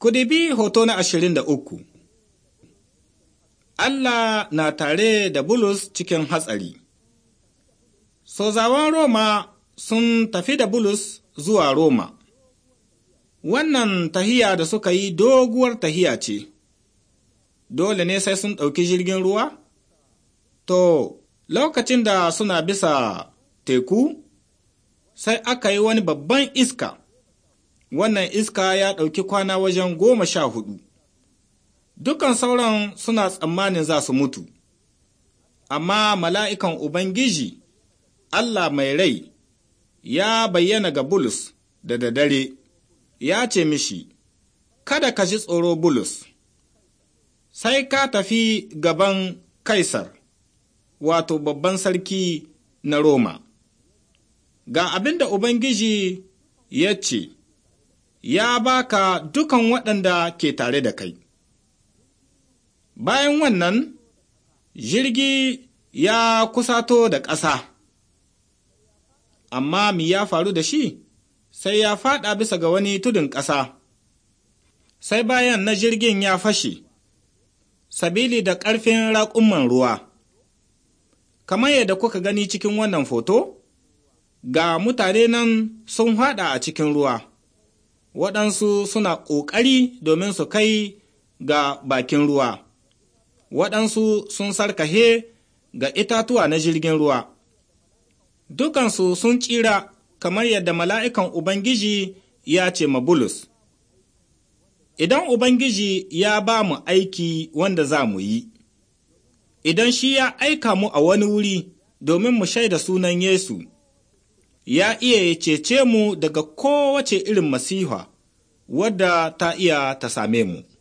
Ku bi hoto na ashirin da uku. Allah na tare da Bulus cikin hatsari. Sozawan Roma sun tafi da Bulus zuwa Roma. Wannan tahiya da suka yi doguwar tahiya ce, dole ne sai sun ɗauki jirgin ruwa? To, lokacin da suna bisa teku, sai aka yi wani babban iska. wannan iska ya ɗauki kwana wajen goma sha hudu. Dukan sauran suna tsammanin za su mutu, amma mala'ikan Ubangiji, Allah mai rai, ya bayyana ga Bulus da daddare, ya ce mishi, Kada ka ji tsoro Bulus, sai ka tafi gaban Kaisar, wato babban sarki na Roma. Ga abin da Ubangiji ya ce, ya baka dukan waɗanda ke tare da kai. Bayan wannan, jirgi ya kusato da ƙasa, amma mi ya faru da shi sai ya faɗa bisa ga wani tudun ƙasa, sai bayan na jirgin ya fashe, sabili da ƙarfin raƙumman ruwa. Kamar yadda kuka gani cikin wannan foto, ga mutane nan sun haɗa a cikin ruwa. waɗansu suna ƙoƙari domin su kai ga bakin ruwa, waɗansu sun sarkahe ga itatuwa na jirgin ruwa. Dukansu sun tsira kamar yadda mala'ikan Ubangiji ya ce ma Bulus, Idan Ubangiji ya ba mu aiki wanda za mu yi, idan shi ya aika mu a wani wuri domin mu shaida sunan Yesu. ya iya ya cece mu daga kowace irin masiha wadda ta iya ta same mu.